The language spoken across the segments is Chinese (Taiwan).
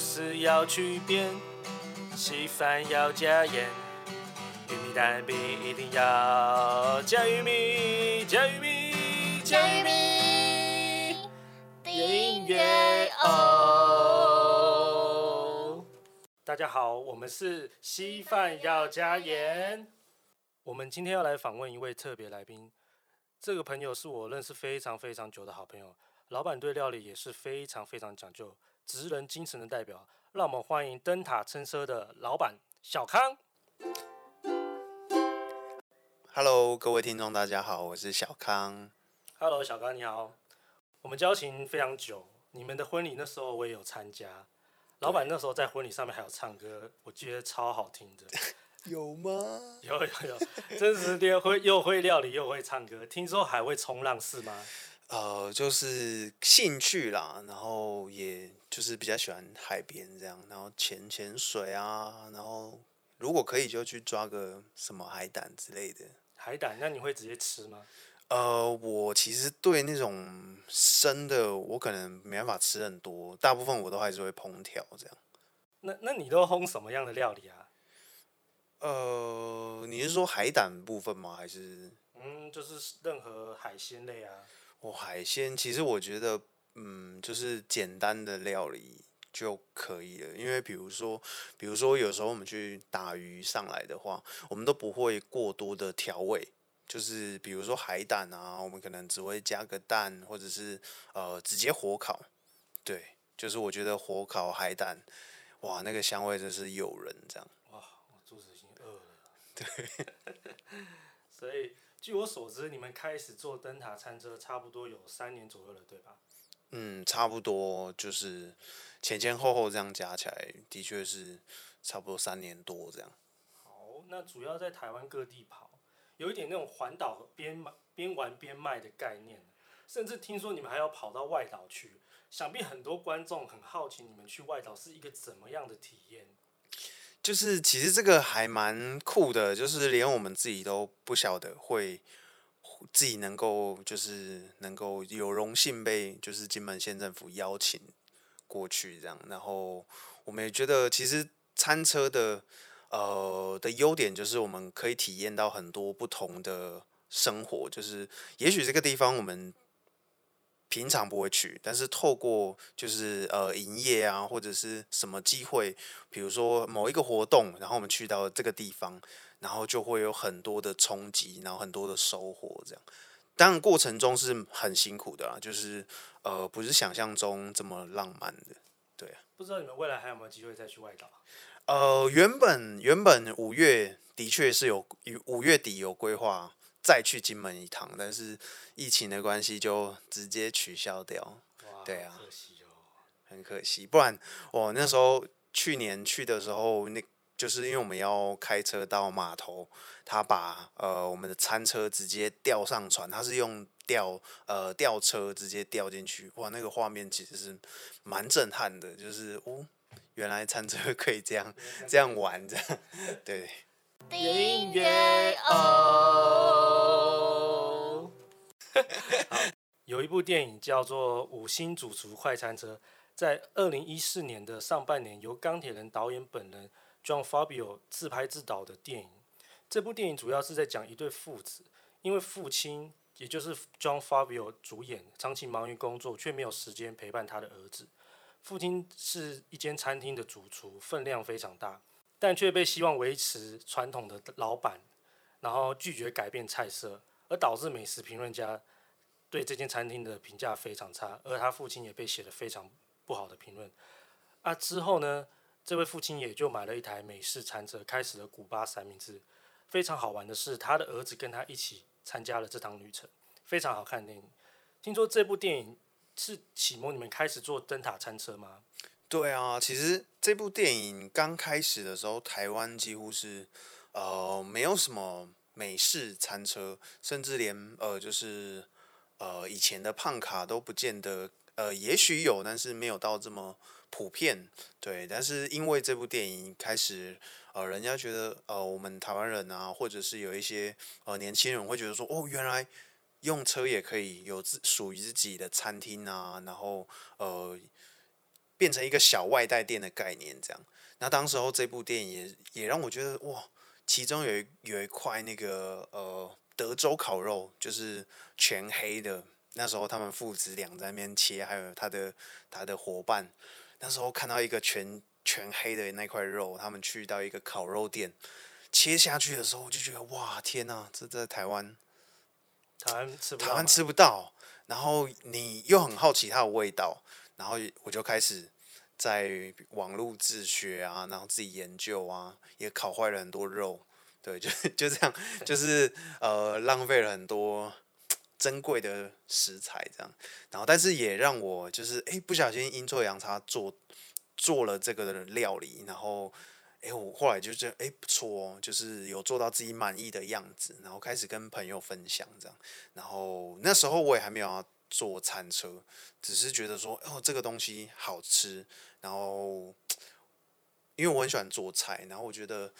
是要去邊，稀飯要加鹽，玉米蛋餅一定要加玉米，加玉米，加玉米。音樂哦。大家好，我們是稀飯要加鹽。我們今天要來訪問一位特別來賓，這個朋友是我認識非常非常久的好朋友，老板對料理也是非常非常講究。職人精神的代表，讓我們歡迎燈塔餐車的老闆小康。Hello，各位聽眾，大家好，我是小康。Hello，小康，你好。我們交情非常久，你們的婚禮那時候我也有參加。老闆那時候在婚禮上面還有唱歌，我覺得超好聽的。 有嗎？ 有有有，真實點，會又會料理又會唱歌，聽說還會衝浪，是嗎？呃，就是興趣啦，然後也就是比較喜歡海邊這樣，然後潛潛水啊，然後如果可以就去抓個什麼海膽之類的。海膽？那你會直接吃嗎？呃，我其實對那種生的，我可能沒辦法吃很多，大部分我都還是會烹調這樣。那那你都烘什麼樣的料理啊？呃，你是說海膽部分嗎？還是？嗯，就是任何海鮮類啊？哦，海鮮其實我覺得，嗯，就是簡單的料理就可以了。因為比如說，比如說有時候我們去打魚上來的話，我們都不會過多的調味。就是比如說海膽啊，我們可能只會加個蛋，或者是呃直接火烤。對，就是我覺得火烤海膽，哇，那個香味真是誘人，這樣。哇，我肚子已經餓了。對， 所以。據我所知，你們開始做燈塔餐車差不多有三年左右了，對吧？嗯，差不多就是前前後後這樣加起來，的確是差不多三年多這樣。好，那主要在台灣各地跑，有一點那種環島和邊買邊玩邊賣的概念，甚至聽說你們還要跑到外島去。想必很多觀眾很好奇，你們去外島是一個怎麼樣的體驗？就是其實這個還蠻酷的，就是連我們自己都不曉得會自己能夠，就是能夠有榮幸被就是金門縣政府邀請過去這樣，然後我們也覺得其實餐車的呃的優點就是我們可以體驗到很多不同的生活，就是也許這個地方我們。平常不會去，但是透過就是呃營業啊，或者是什麼機會，比如說某一個活動，然後我們去到這個地方，然後就會有很多的衝擊，然後很多的收穫，這樣。當然過程中是很辛苦的啦，就是呃不是想象中這麼浪漫的，對啊。不知道你們未來還有沒有機會再去外島啊？呃，原本原本五月的確是有，五月底有規劃。再去金門一趟，但是疫情的關係就直接取消掉。對啊，很可惜哦，很可惜，不然我那時候去年去的時候，那就是因為我們要開車到碼頭，他把呃我們的餐車直接吊上船，他是用吊呃吊車直接吊進去。哇，那個畫面其實是蠻震撼的，就是哦，原來餐車可以這樣這樣玩，這樣玩這樣對，對，對。音樂樂哦，有一部電影叫做《五星主廚快餐車》，在二零一四年的上半年由鋼鐵人導演本人 John Fabio 自拍自導的電影。這部電影主要是在講一對父子，因為父親也就是 John Fabio 主演，長期忙於工作，卻沒有時間陪伴他的兒子。父親是一間餐廳的主廚，分量非常大。但卻被希望維持傳統的老闆，然後拒絕改變菜色，而導致美食評論家對這間餐廳的評價非常差。而他父親也被寫得非常不好的評論。啊，之後呢，這位父親也就買了一台美式餐車，開始了古巴三明治。非常好玩的是，他的兒子跟他一起參加了這趟旅程。非常好看的電影。聽說這部電影是啟蒙你們開始做燈塔餐車嗎？對啊，其實。這部電影剛開始的時候，台灣幾乎是，呃，沒有什麼美式餐車，甚至連呃，就是呃，以前的胖卡都不見得，呃，也許有，但是沒有到這麼普遍。對，但是因為這部電影開始，呃，人家覺得，呃，我們台灣人啊，或者是有一些呃年輕人會覺得說，哦，原來用車也可以有自屬於自己的餐廳啊，然後呃。變成一個小外帶店的概念，這樣。那當時候這部電影也也讓我覺得哇，其中有一有一塊那個呃德州烤肉，就是全黑的。那時候他們父子倆在那邊切，還有他的他的伙伴。那時候看到一個全全黑的那塊肉，他們去到一個烤肉店切下去的時候，我就覺得哇天哪，啊，這在台灣台灣吃不到台灣吃不到，然後你又很好奇它的味道。然後我就開始在網絡自學啊，然後自己研究啊，也烤壞了很多肉，對，就就這樣，就是呃浪費了很多珍貴的食材這樣。然後，但是也讓我就是誒、欸、不小心陰錯陽差做做了這個料理，然後誒、欸、我後來就覺得哎、欸、不錯哦，就是有做到自己滿意的樣子，然後開始跟朋友分享這樣。然後那時候我也還沒有。做餐車，只是覺得說哦，這個東西好吃，然後因為我很喜歡做菜，然後我覺得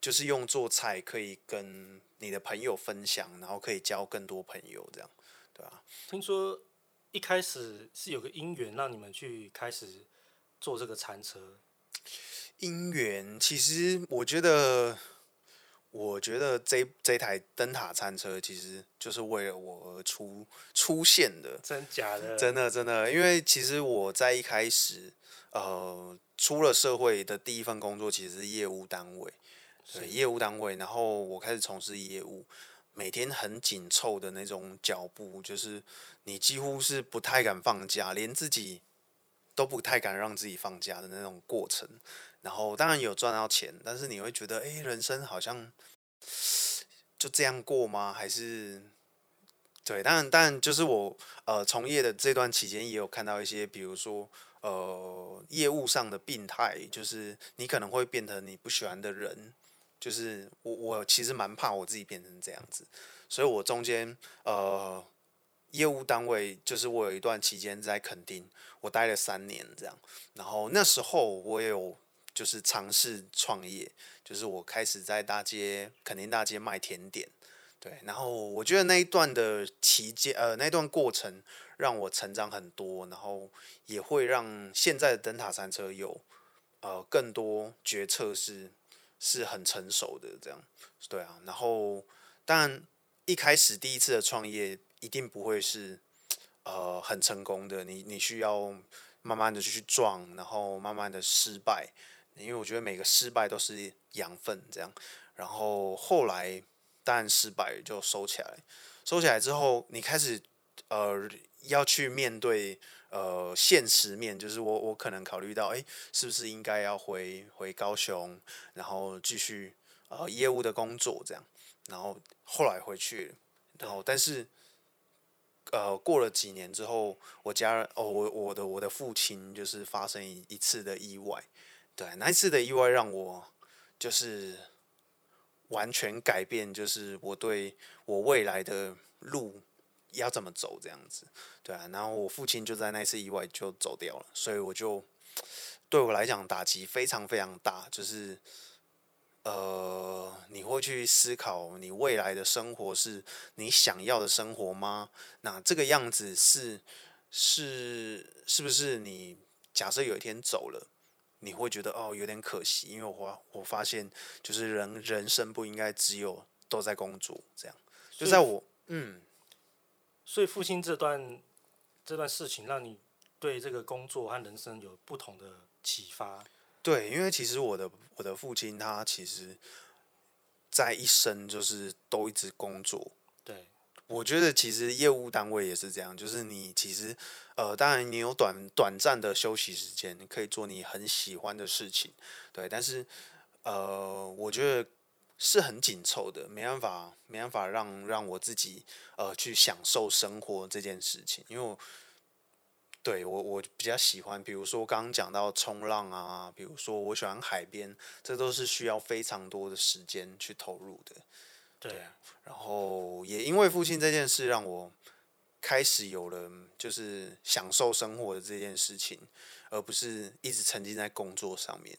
就是用做菜可以跟你的朋友分享，然後可以交更多朋友，這樣，對啊。聽說一開始是有個因緣讓你們去開始做這個餐車，因緣其實我覺得。我覺得這這台燈塔餐車其實就是為了我而出出現的，真的假的？真的真的。因為其實我在一開始，呃，出了社會的第一份工作其實是業務單位，對，業務單位。然後我開始從事業務，每天很緊湊的那種腳步，就是你幾乎是不太敢放假，連自己都不太敢讓自己放假的那種過程。然後當然有賺到錢，但是你會覺得，哎、欸，人生好像就這樣過嗎？還是對？當然，當然，就是我呃從業的這段期間，也有看到一些，比如說呃業務上的病態，就是你可能會變成你不喜歡的人。就是我我其實蠻怕我自己變成這樣子，所以我中間呃業務單位，就是我有一段期間在墾丁，我待了三年這樣。然後那時候我有。就是嘗試創業，就是我開始在大街墾丁大街賣甜點，對，然後我覺得那一段的期間，呃，那段過程讓我成長很多，然後也會讓現在的燈塔餐車有，呃，更多決策是是很成熟的這樣，對啊，然後但一開始第一次的創業一定不會是，呃，很成功的，你你需要慢慢的去撞，然後慢慢的失敗。因為我覺得每個失敗都是養分，這樣。然後後來，但失敗就收起來，收起來之後，你開始呃要去面對呃現實面，就是我我可能考慮到，哎，是不是應該要回回高雄，然後繼續呃業務的工作這樣。然後後來回去，然後但是呃過了幾年之後，我家人哦，我我的我的父親就是發生一次的意外。對，那一次的意外讓我就是完全改變，就是我對我未來的路要怎麼走這樣子。對啊，然後我父親就在那次意外就走掉了，所以我就對我來講打擊非常非常大。就是呃，你會去思考你未來的生活是你想要的生活嗎？那這個樣子是是是不是你假設有一天走了？你會覺得哦，有點可惜，因為我我發現，就是人人生不應該只有都在工作這樣。就在我嗯，所以父親這段這段事情，讓你對這個工作和人生有不同的啟發？對，因為其實我的我的父親他其實，在一生就是都一直工作。我覺得其實業務單位也是這樣，就是你其實，呃，當然你有短短暫的休息時間，你可以做你很喜歡的事情，對。但是，呃，我覺得是很緊湊的，沒辦法，沒辦法讓讓我自己呃去享受生活這件事情，因為對我對我我比較喜歡，比如說剛剛講到衝浪啊，比如說我喜歡海邊，這都是需要非常多的時間去投入的。對、啊，然後也因為父親這件事，讓我開始有了就是享受生活的這件事情，而不是一直沉浸在工作上面，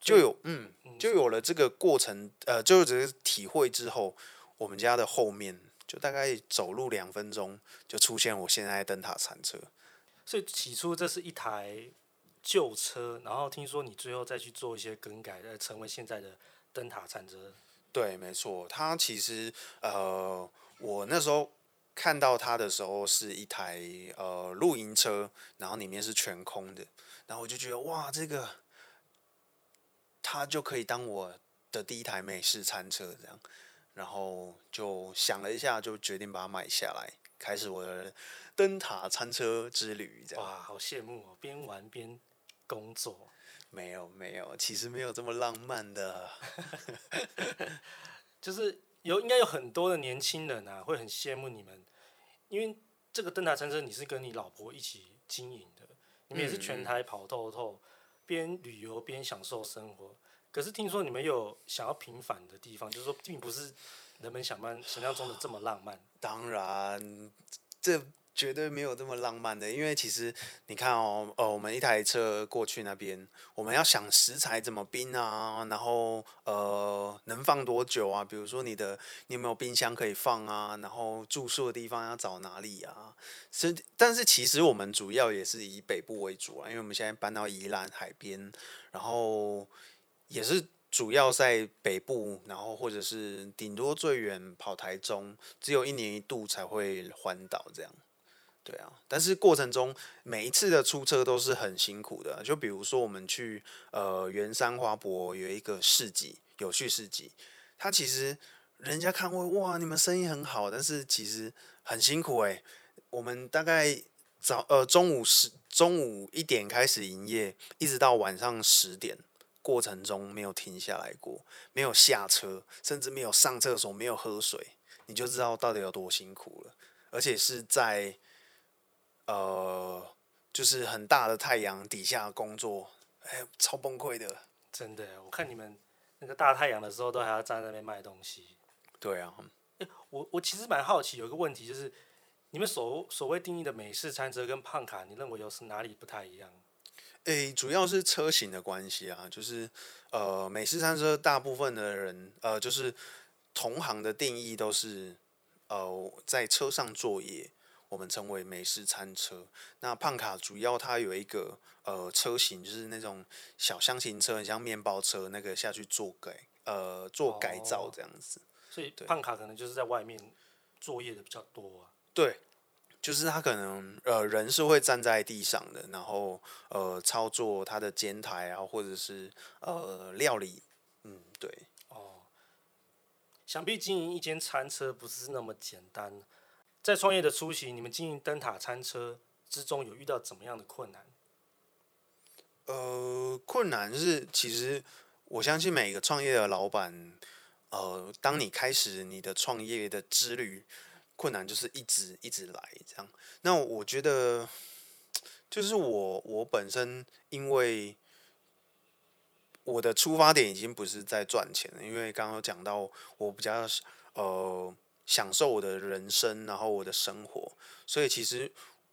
就有嗯，嗯，就有了這個過程，呃，就只是體會之後，我們家的後面就大概走路兩分鐘就出現我現在的燈塔餐車，所以起初這是一台舊車，然後聽說你最後再去做一些更改，再、呃、成為現在的燈塔餐車。對，沒錯，他其實呃，我那時候看到他的時候是一台呃露營車，然後裡面是全空的，然後我就覺得哇，這個，他就可以當我的第一台美式餐車這樣，然後就想了一下，就決定把它買下來，開始我的燈塔餐車之旅。哇，好羨慕哦，邊玩邊工作。沒有沒有，其實沒有這麼浪漫的， 就是有應該有很多的年輕人啊，會很羨慕你們，因為這個燈塔餐車，你是跟你老婆一起經營的，你們也是全台跑透透，嗯，邊旅遊邊享受生活。可是聽說你們有想要平反的地方，就是說並不是人們想像想象中的這麼浪漫。當然，這。絕對沒有這麼浪漫的，因為其實你看哦，呃，我們一台車過去那邊，我們要想食材怎麼冰啊，然後呃，能放多久啊？比如說你的你有沒有冰箱可以放啊？然後住宿的地方要找哪裡啊？是，但是其實我們主要也是以北部為主啊，因為我們現在搬到宜蘭海邊，然後也是主要在北部，然後或者是頂多最遠跑台中，只有一年一度才會環島這樣。對啊，但是過程中每一次的出車都是很辛苦的啊。就比如說我們去呃圓山花博有一個市集，有趣市集，他其實人家看會哇，你們生意很好，但是其實很辛苦哎、欸。我們大概早呃中午十中午一點開始營業，一直到晚上十點，過程中沒有停下來過，沒有下車，甚至沒有上廁所，沒有喝水，你就知道到底有多辛苦了。而且是在呃，就是很大的太陽底下工作，哎、欸，超崩潰的。真的，我看你們那個大太陽的時候，都還要站在那邊賣東西。對啊，欸、我我其實蠻好奇，有一個問題就是，你們所所謂定義的美式餐車跟胖卡，你認為又是哪裡不太一樣？誒、欸，主要是車型的關係啊，就是呃，美式餐車大部分的人呃，就是同行的定義都是呃，在車上作業。我們稱為美式餐車，那胖卡主要它有一個呃車型，就是那種小箱型車，很像麵包車，那個下去做改呃做改造這樣子。哦。所以胖卡可能就是在外面作業的比較多啊。對，就是他可能呃人是會站在地上的，然後呃操作他的煎台，啊，或者是呃料理。哦。嗯，對哦。想必經營一間餐車不是那麼簡單。在創業的初期，你們經營燈塔餐車之中，有遇到怎麼樣的困難？呃，困難是，其實我相信每個創業的老板，呃，當你開始你的創業的之旅，困難就是一直一直來這樣。那我覺得，就是我我本身，因為我的出發點已經不是在賺錢了，因為剛剛講到，我比較呃。享受我的人生，然後我的生活，所以其實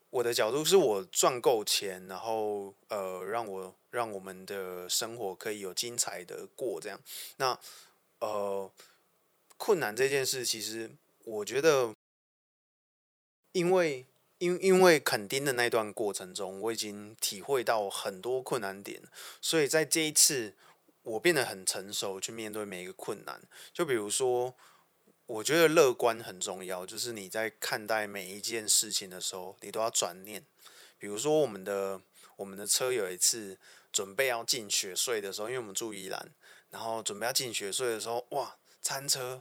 我的角度是我賺夠錢，然後呃，讓我讓我們的生活可以有精彩的過這樣。那呃，困難這件事，其實我覺得因，因為因因為墾丁的那段過程中，我已經體會到很多困難點，所以在這一次我變得很成熟，去面對每一個困難。就比如說。我覺得樂觀很重要，就是你在看待每一件事情的時候，你都要轉念。比如說，我們的我們的車有一次準備要進雪隧的時候，因為我們住宜蘭，然後準備要進雪隧的時候，哇，餐車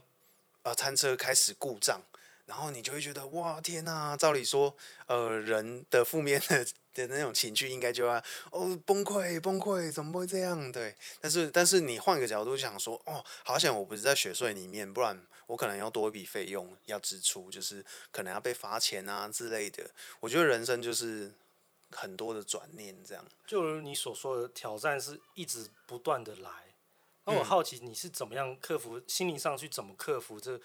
啊、呃，餐車開始故障，然後你就會覺得哇天哪、啊！照理說，呃，人的負面的的那種情緒應該就會要哦崩潰崩潰，怎麼會這樣？對，但是但是你換個角度想說，哦，好險我不是在雪隧裡面，不然。我可能要多一筆費用要支出，就是可能要被罰錢啊之類的。我覺得人生就是很多的轉念，這樣。就如你所說的挑戰是一直不斷的來，那我好奇你是怎麼樣克服，嗯、心理上去怎麼克服這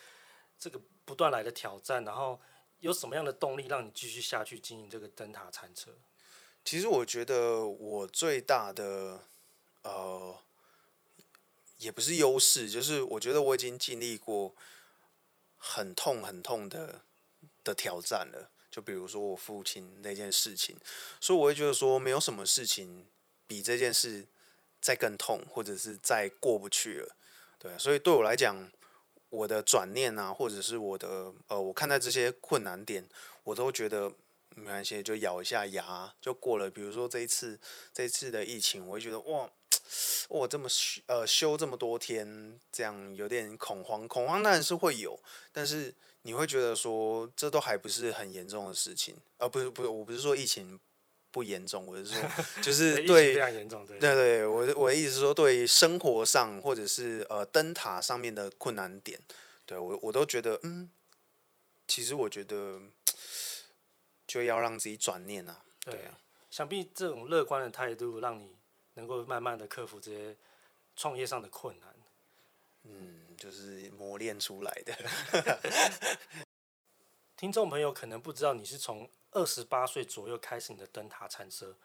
這個不斷來的挑戰，然後有什麼樣的動力讓你繼續下去經營這個燈塔餐車？其實我覺得我最大的呃，也不是優勢，就是我覺得我已經經歷過。很痛很痛的的挑戰了，就比如說我父親那件事情，所以我會覺得說沒有什麼事情比這件事再更痛，或者是再過不去了，對，所以對我來講，我的轉念啊，或者是我的呃，我看待這些困難點，我都覺得沒關係，就咬一下牙就過了。比如說這一次，這一次的疫情，我會覺得哇。我、哦、這麼呃，休這麼多天，這樣有點恐慌。恐慌當然是會有，但是你會覺得說這都還不是很嚴重的事情。而、呃、不是不是，我不是說疫情不嚴重，我是說就是對， 對，對，對非常嚴重。對對對，我我的意思是說，對生活上或者是呃燈塔上面的困難點，對，我我都覺得嗯，其實我覺得就要讓自己轉念啊，對，啊對，啊對啊，想必這種樂觀的態度讓你。能夠慢慢的克服這些創業上的困難。嗯，就是磨練出來的 。聽眾朋友可能不知道，你是從二十八歲左右開始你的燈塔餐車。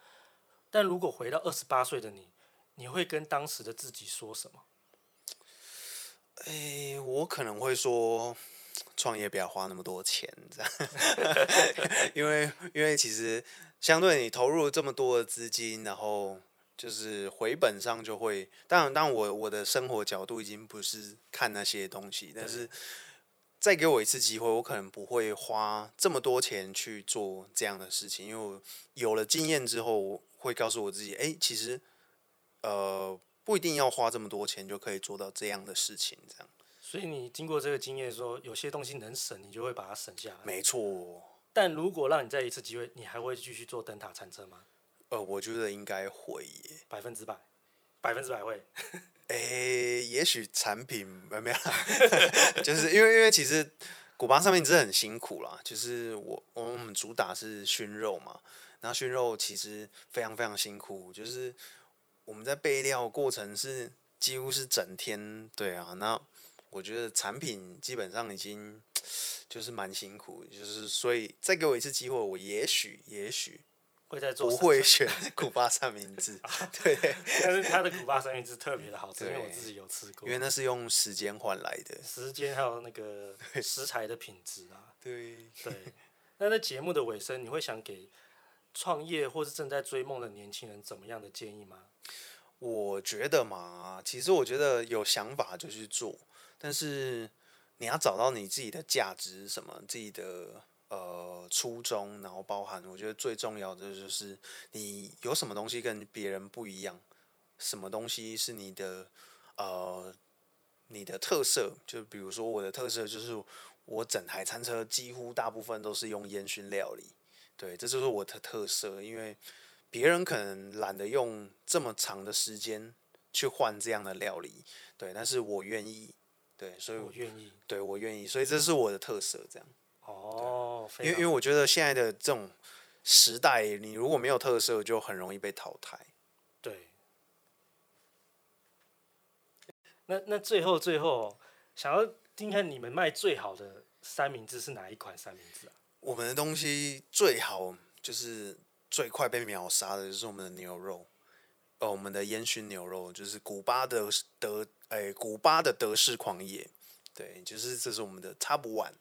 但如果回到二十八歲的你，你會跟當時的自己說什麼？誒、欸，我可能會說，創業不要花那麼多錢 因為，因為其實相對你投入這麼多的資金，然後。就是回本上就會，當然，但我我的生活角度已經不是看那些東西，但是再給我一次機會，我可能不會花這麼多錢去做這樣的事情，因為我有了經驗之後，我會告訴我自己，哎、欸，其實呃，不一定要花這麼多錢就可以做到這樣的事情，這樣。所以你經過這個經驗，說有些東西能省，你就會把它省下來，沒錯。但如果讓你再一次機會，你還會繼續做燈塔餐車嗎？呃，我覺得應該會、欸，欸、百分之百，百分之百會。 哎、欸，也許產品、呃、沒有啦， 就是因為因為其實古巴上面真的很辛苦啦。就是我我們主打是熏肉嘛，然後熏肉其實非常非常辛苦，就是我們在備料過程是幾乎是整天。對啊，那我覺得產品基本上已經就是蠻辛苦，就是、就是、所以再給我一次機會，我也許也許。會在做不會選古巴三明治，對，但是他的古巴三明治特別的好吃，因為我自己有吃過。因為那是用時間換來的，時間還有那個食材的品質啊。對對，對那節目的尾聲，你會想給創業或是正在追夢的年輕人怎麼樣的建議嗎？我覺得嘛，其實我覺得有想法就去做，但是你要找到你自己的價值，什麼自己的。呃，初衷，然後包含，我覺得最重要的就是你有什麼東西跟別人不一樣，什麼東西是你的呃你的特色？就比如說我的特色就是我整台餐車幾乎大部分都是用煙燻料理，對，這就是我的特色。因為別人可能懶得用這麼長的時間去換這樣的料理，對，但是我願意，對，所以我願意，對我願意，所以這是我的特色，這樣哦。因為因為我覺得現在的這種時代，你如果沒有特色，就很容易被淘汰。對。那那最後最後，想要聽看你們賣最好的三明治是哪一款三明治啊？我們的東西最好就是最快被秒殺的，就是我們的牛肉哦、呃，我們的煙燻牛肉，就是古巴的德哎、欸，古巴的德式狂野，對，就是這是我們的查不完。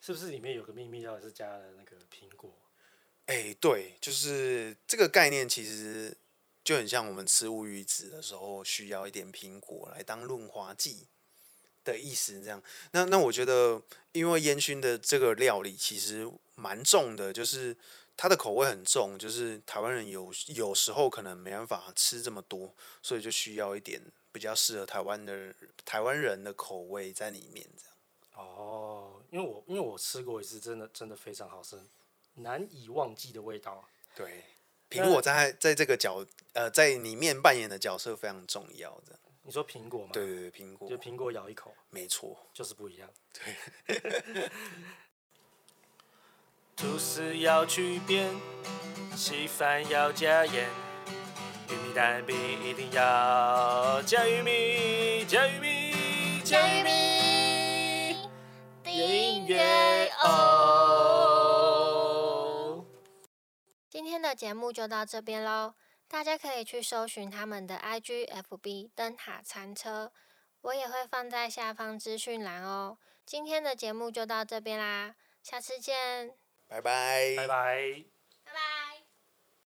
是不是裡面有個秘密，要是加了那個蘋果？哎、欸，對，就是這個概念，其實就很像我們吃烏魚子的時候，需要一點蘋果來當潤滑劑的意思。這樣，那那我覺得，因為煙燻的這個料理其實蠻重的，就是它的口味很重，就是台灣人有有時候可能沒辦法吃這麼多，所以就需要一點比較適合台灣的台灣人的口味在裡面這樣哦。因為我因為我吃過一次，真的真的非常好吃，難以忘記的味道。啊。對，蘋果在在這個角呃，呃，在裡面扮演的角色非常重要的。的你說蘋果嗎？對對對，蘋果。就蘋果咬一口，沒錯，就是不一樣。對。 吐司要去邊，稀飯要加鹽，玉米蛋餅一定要加玉米，加玉米，加玉米。今天的節目就到這邊嘍，大家可以去搜尋他們的 IG、FB“ 燈塔餐車”，我也會放在下方資訊欄哦。今天的節目就到這邊啦，下次見，拜拜，拜拜。